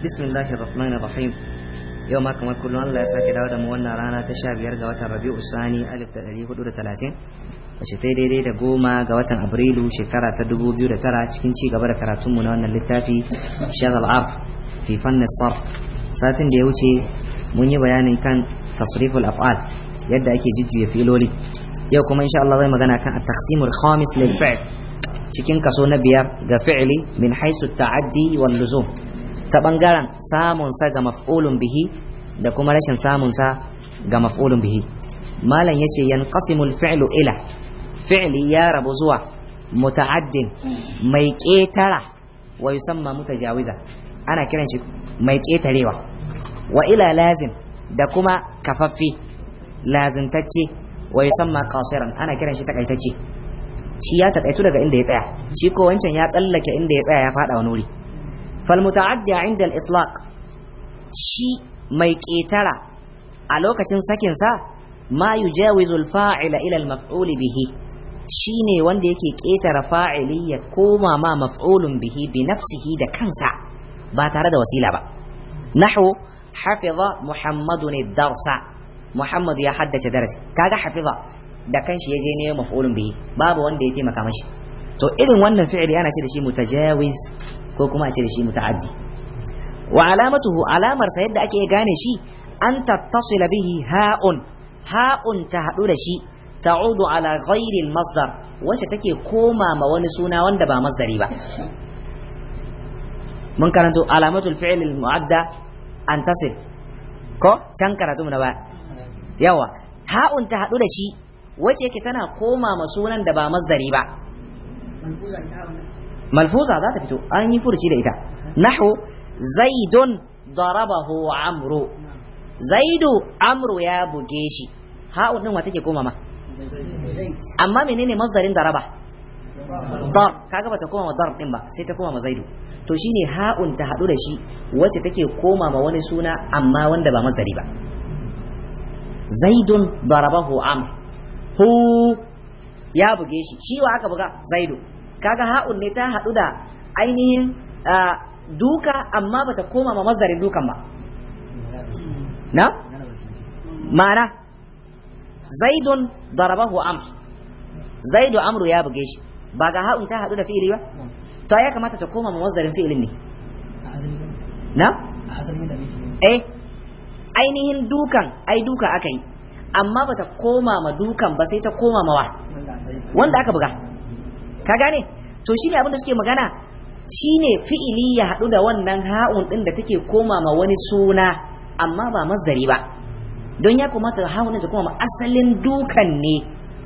bismillahi rahmanir rahim yau ma kamar kullum Allah ya sake dawo da wannan rana ta 15 ga watan Rabiu Sani da talatin ta daidai da goma ga watan Afrilu shekara ta tara cikin ci gaba da karatun mu na wannan littafi Shadal Af fi fanni sarf satin da ya wuce mun yi bayanin kan tasriful af'al yadda ake jujjuya filoli yau kuma insha Allah zai magana kan a taqsimul khamis lil fi'l cikin kaso na biyar ga fi'li min haisu ta'addi wal luzum ta bangaren samun sa ga maf'ulun bihi da kuma rashin samun sa ga maf'ulun bihi malam yace yanqasimul fi'lu ila fi'li ya rabu zuwa muta'addin mai ketara wa yusamma mutajawiza ana kiran shi mai ketarewa wa ila lazim da kuma kafaffi lazintacce wa yusamma qasiran ana kiran shi takaitacce shi ya takaitu daga inda ya tsaya shi ko wancan ya tsallake inda ya tsaya ya fada wani wuri falmuta'addi inda al-itlaq shi mai ƙetara a lokacin sakin sa ma yujawizu al-fa'ila ila al-maf'ul bihi shine wanda yake ƙetara fa'ili ya koma ma maf'ulun bihi bi nafsihi da kansa ba tare da wasila ba nahwu hafiza muhammadun ad-darsa muhammad ya haddace darasi kaga hafiza da kanshi yaje ne maf'ulun bihi babu wanda ya taimaka mashi to irin wannan fi'ili ana ce da shi mutajawiz ko kuma a ce da shi muta'addi wa alamatuhu alamar sa yadda ake gane shi an tattasila bihi ha'un ha'un ta hadu da shi ta'udu ala ghairi masdar wacce take koma ma wani suna wanda ba masdari ba mun karanto alamatul fi'l al-mu'adda an tasil ko can karatu mu na ba yawa ha'un ta hadu da shi wacce yake tana koma ma sunan da ba masdari ba malfuza za ta fito an yi furuci da ita nahu zaidun darabahu amru zaidu amru ya buge shi ha'u wa take koma ma amma menene masdarin daraba dar kaga bata koma ma ɗin ba sai ta koma ma to shine ha'un ta hadu da shi wacce take koma ma wani suna amma wanda ba masdari ba zaidun darabahu hu ya buge shi shi wa aka buga zaidu kaga ha'un ne ta haɗu da ainihin duka amma ba ta koma ma mazarin dukan ba na mana zaidun darabahu amr zaidu amru ya buge shi ba ga ha'un ta haɗu da fi'ili ba to ya kamata ta koma ma mazarin fi'ilin ne na eh ainihin dukan ai duka aka yi amma ba ta koma ma dukan ba sai ta koma ma wa wanda aka buga ka gane to shine abin da suke magana shine fi'ili ya hadu da wannan ha'un ɗin da take koma ma wani suna amma ba masdari ba don ya ta ha'un da ta koma ma asalin dukan ne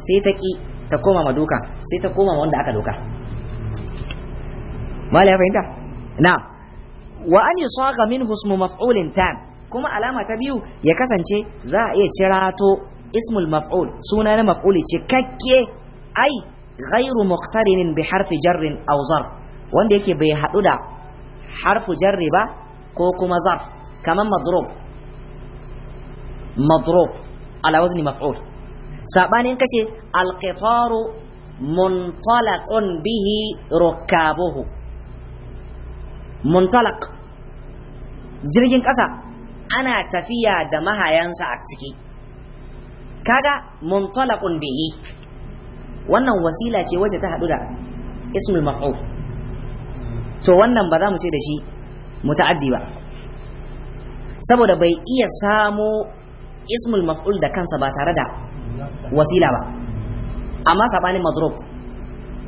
sai ta ki ta koma ma dukan sai ta koma ma wanda aka doka mala ya fahimta na wa an yusaga min husmu maf'ulin tam kuma alama ta biyu ya kasance za a iya cirato ismul maf'ul suna na maf'uli cikakke ai ghairu muqtarinin bi harfi jarrin aw zarf wanda yake bai haɗu da harfu jarri ba ko kuma zarf kaman madrub madrub ala wazni maf'ul sabanin kace alqitaru muntalaqun bihi rukabuhu muntalaq jirgin kasa ana tafiya da mahayansa a ciki kaga muntalaqun bihi wannan wasila ce wacce ta haɗu da ismul maf'ul to wannan ba za mu ce da shi muta'addi ba saboda bai iya samo ismul maf'ul da kansa ba tare da wasila ba amma sabanin madrub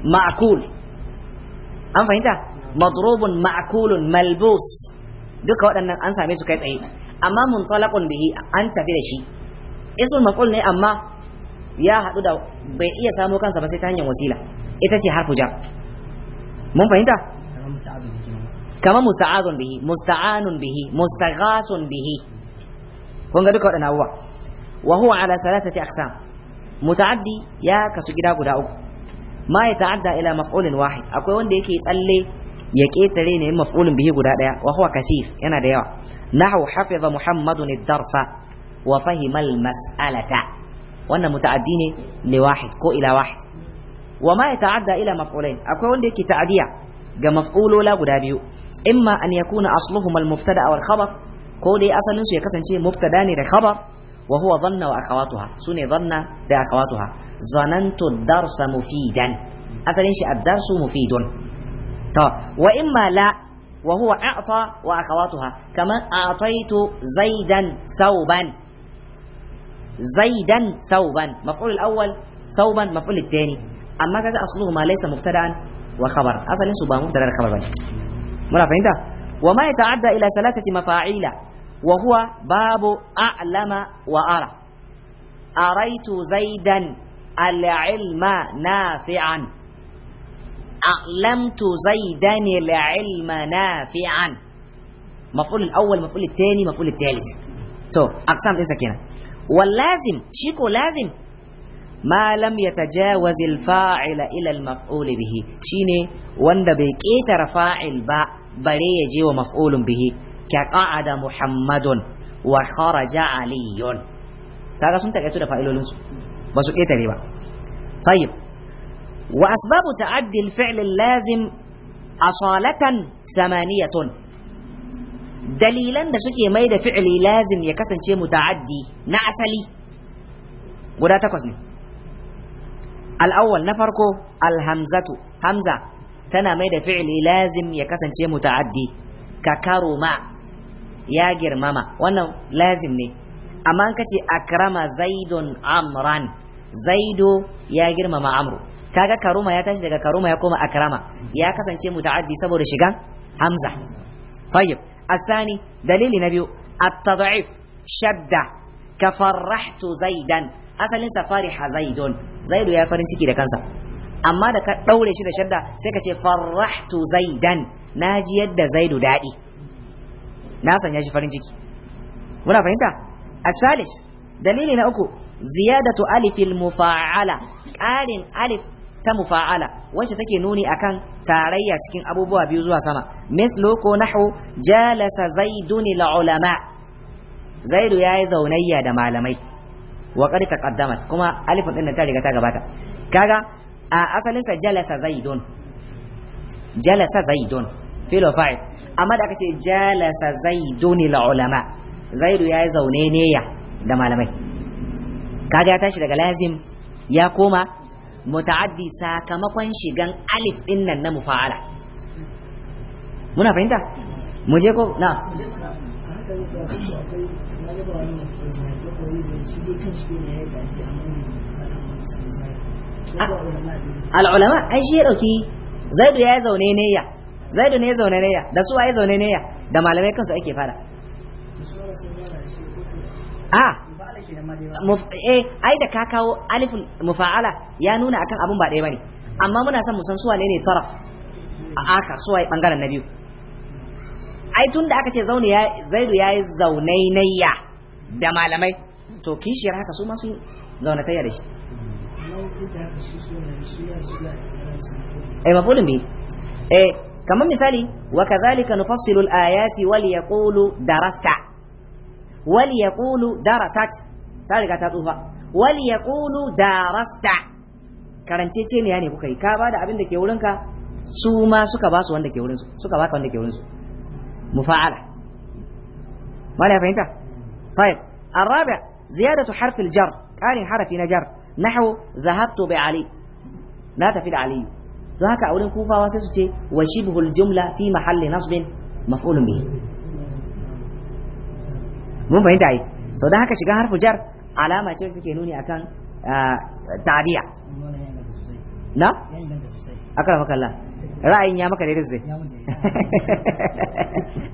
ma'kul an fahimta madrubun ma'kulun malbus duka waɗannan an same su kai tsaye amma muntalaqun bihi an tafi da shi ismul maf'ul ne amma ya haɗu da bai iya samo kansa ba sai ta hanyar wasila ita ce harfu jar mun fahimta kama musta'adun bihi musta'anun bihi mustaghasun bihi kun ga duka waɗannan abubuwa wa huwa ala salasati aqsam muta'addi ya kasu gida guda uku ma ya ta'adda ila maf'ulin wahid akwai wanda yake tsalle ya ketare ne maf'ulin bihi guda daya wa huwa kashif yana da yawa nahu hafiza muhammadun ad-darsa wa fahimal masalata wannan muta'addi ne li wahid ko ila wahid wa ma yata'adda ila maf'ulain akwai wanda yake ta'diya ga maf'ulola guda biyu imma an yakuna asluhuma al-mubtada wal khabar ko dai asalin su ya kasance mubtada ne da khabar wa huwa dhanna wa akhawatuha sune dhanna da akhawatuha zanantu ad-darsa mufidan asalin shi ad-darsu mufidun to wa imma la wa huwa a'ta wa akhawatuha kama a'taitu zaidan sauban زيدا ثوبا مفعول الاول ثوبا مفعول الثاني اما كذا اصله ما ليس مبتدا وخبر اصل ليس مبتدا وخبر بني مرا فهمت وما يتعدى الى ثلاثه مفاعيل وهو باب اعلم وارى اريت زيدا العلم نافعا اعلمت زيدا العلم نافعا مفعول الاول مفعول الثاني مفعول الثالث تو اقسام اذا كده واللازم شيكو لازم ما لم يتجاوز الفاعل إلى المفعول به شيني واند بكيتر فاعل با بري جيو ومفعول به كقعد محمد وخرج علي هذا سنتك اتو دفائلو لنسو بسو كيتر إيه با طيب وأسباب تعدي الفعل اللازم أصالة ثمانية dalilan da suke mai da fi'ili lazim ya kasance muta'addi na asali guda takwas ne al'awwal na farko alhamzatu hamza tana mai da fi'ili lazim ya kasance muta'addi ka karo ma ya girmama wannan lazim ne amma an kace akrama zaidun amran zaido ya girmama amru kaga karuma ya tashi daga karuma ya koma akrama ya kasance muta'addi saboda shigan hamza tayyib الثاني دليل نبي التضعيف شدة كفرحت زيدا أصل إنسا فرح زيد زيد يا فرن شكي لكنسا أما دا كدولة شدة شدة سيكا فرحت زيدا ناجي يد زيد دادي ناسا ياجي فرن شكي ولا فهمت الثالث دليل نأكو زيادة ألف المفاعلة قال ألف ta mufa'ala wacce take nuni akan tarayya cikin abubuwa biyu zuwa sama mislu ko nahu jalasa zaidun lil ulama zaidu yayi zaunayya da malamai wa qad taqaddamat kuma alifin din ta riga ta gabata kaga a asalin sa jalasa zaidun jalasa zaidun fil fa'il amma da aka ce jalasa zaidun lil ulama zaidu yayi zaune ne ya da malamai kaga ya tashi daga lazim ya koma muta'addi sakamakon shigan alif din nan na mufa'ala muna fahimta mu je ko na al'ulama ai shi ya dauki zaidu ya zaune ne ya zaidu ne ya zaune ne ya da su ya zaune ne ya da malamai kansu ake fara a eh ai da ka kawo alifin mufa'ala ya nuna akan abun ba ɗaya bane amma muna son mu san suwa wane ne taraf a aka suwa waye bangaren na biyu ai tun da aka ce zaune ya zaidu yi zaunainayya da malamai to kishiyar haka su masu zaunatayya da shi ai eh, mafulun bi eh kamar misali wa kadhalika nufassilu al-ayati wal yaqulu darasta wal yaqulu darasat ta riga ta tsufa wal yaqulu darasta karance ce ne ne kuka yi ka bada abin da ke wurinka su ma suka ba su wanda ke su suka baka wanda ke wurinsu mufa'ala mala ya fahimta طيب الرابع زيادة حرف الجر قال حرف نجر نحو ذهبت بعلي لا تفيد علي ذاك أولين كوفا واسسة وشبه الجملة في محل نصب مفعول به mun fahimta ai to da haka shiga harfu jar alama ce take nuni akan tabi'a na akara makalla ra'ayin ya maka daidai zai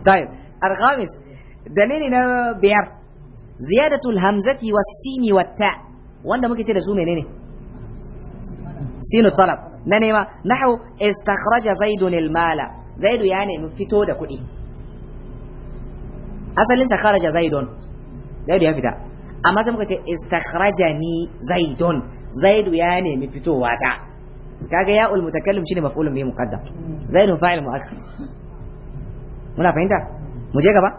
tayyib al-khamis dalili na biyar ziyadatul hamzati was sini wat ta wanda muke ce da su menene sinu talab na nema nahu istakhraja zaidun al-mala zaidu ya nemi fito da kuɗi asalin sa kharaja zaidun Zaidu ya fita amma sai muka ce istakhrajani zaidun zaidu ya nemi fitowa ta kaga ya ul mutakallim shine maf'ulun bihi muqaddam zaidun fa'il mu'akkar muna fahimta mu je gaba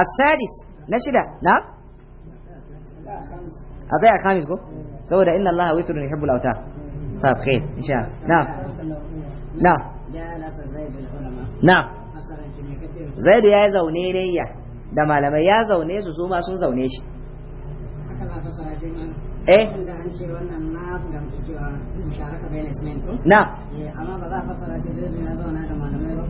as-sadis na shida na a tsaya kamis ko saboda inna allaha witrun yuhibbul awtar fa khair insha na na na zaidu ya zaune ne ya da malamai ya zaune su su ma sun zaune shi eh na eh, amma ba za a fasara shi ya zauna da malamai ba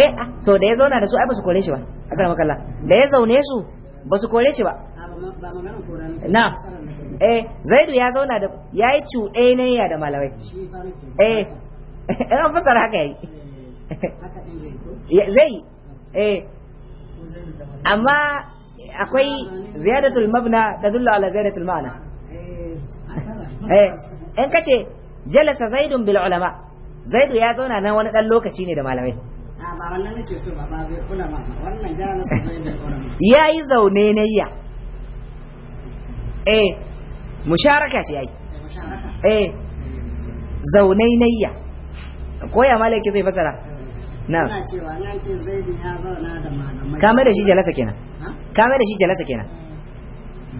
eh ah, to da ya zauna da su ai ba su kore shi ba akan makalla da ya zaune su ba su kore shi ba na eh zaidu ya zauna da ya yi cuɗe na ya da malamai eh an fasara haka yayi eh, zai eh amma akwai ziyadatul mabna tadullu ala ziyadatul ma'ana eh, eh in kace jalasa zaidun bil ulama zaidu ya zauna nan wani dan lokaci ne da malamai ba wannan nake so ba ba ma wannan jalasa zaidun ulama yayi zaune ne ya eh musharaka ce yayi eh, eh malaki zai fasara na cewa ya da malamai ka da shi jalasa kenan kamar da shi jalasa kenan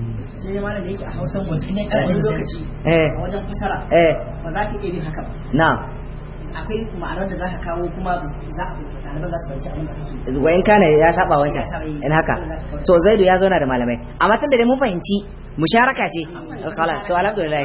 eh. sai ya da yake a eh. eh. wajen ba za ka haka na akwai ma'anar da za ka kawo kuma za kana ya saba wancan in haka to zaidu ya zauna da malamai amma tun da mun fahimci musharaka ce to alhamdulillah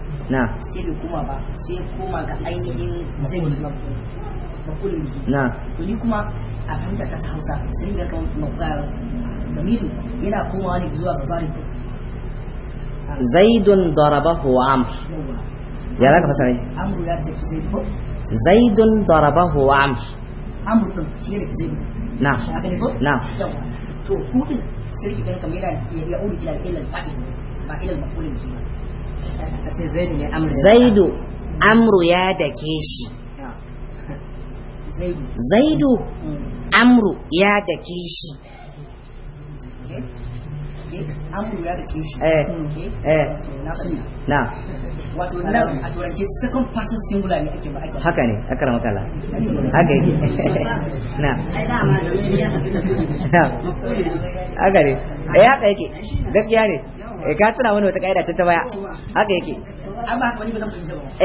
na sai bai koma ba sai ya koma ga ainihin zai makulli na kuli kuma a fahimta ta hausa sai ga kan mafukar damiru yana komawa ne zuwa ga bari zaidun darabahu amr ya zaka fasara shi amru ya da zaidu ko zaidun darabahu amr amru din shi ne zaidu na na to kudin sai ki ga kamar yana ya uri ila ila fa'il ba ila mafulin shi ba zaidu amru ya dake shi zaidu hmm. amru ya dake shi amru ya shi eh hmm, eh na na na na na na na na na na na na haka ne na Na. na na na na haka na na na na na ne eh ka tuna wani wata kaida ce ta baya haka yake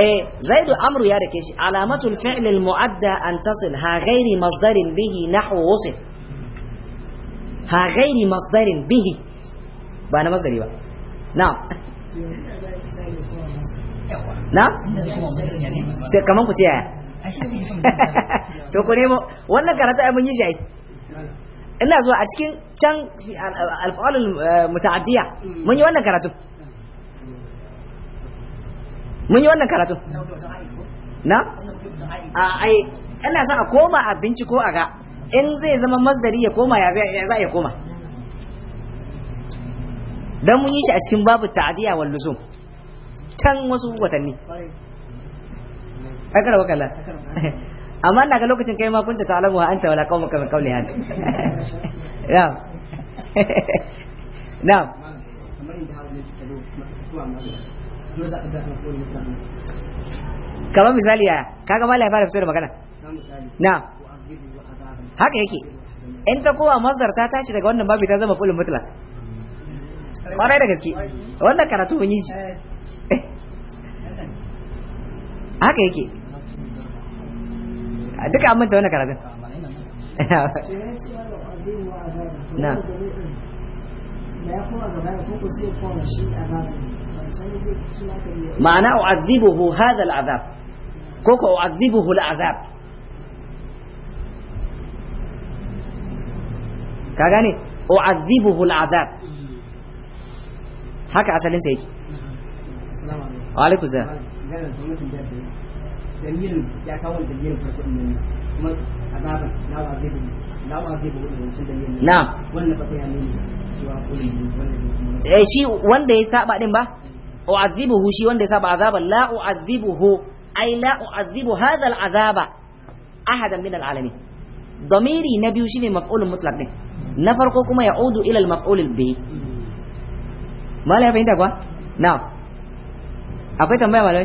eh zaidu amru ya rike shi alamatul fi'l al mu'adda an tasil ha ghairi masdarin bihi nahwu wasif ha ghairi masdarin bihi ba na masdari ba na na sai kaman ku ce yaya to ku nemo wannan karatu ai mun yi shi ina zuwa a cikin can alfa'alun eh, muta'addiya mun yi wannan karatu mun yi wannan karatu na a ai ina sa a koma a binciko a ga in zai zama masdari ya koma ya za ya koma dan mun yi shi a cikin babu ta'diya wal luzum can wasu watanni akara wakala amma ina ga lokacin kai ma kunta ta'lamu wa anta wala qaumuka min qawli hada na'am na'am kamar misali ya kaga mallai fara fito da magana na'am haka yake in ta kowa mazdar ta tashi daga wannan babu ta zama fulun mutlas kwarai da gaske wannan karatu mun yi haka yake duka an manta wani karatun na ma'ana u'azzibuhu hadha al'azab ko ko u'azzibuhu al'azab ka gane u'azzibuhu al'azab haka asalin sa yake wa alaikum salam dalilin ya kawo dalilin farko din nan kuma azaban la wa zai la wa zai bugu wancan dalilin na wannan fa ya nuna cewa kullu wannan eh shi wanda ya saba din ba o u'azibuhu shi wanda ya saba azaban la u'azibuhu ai la u'azibu hadha al'azaba ahadan min al'alamin ضميري نبي شيء مفعول مطلق ده نفر كما يعود الى المفعول به ما لا فهمت كوا نعم akwai tambaya malai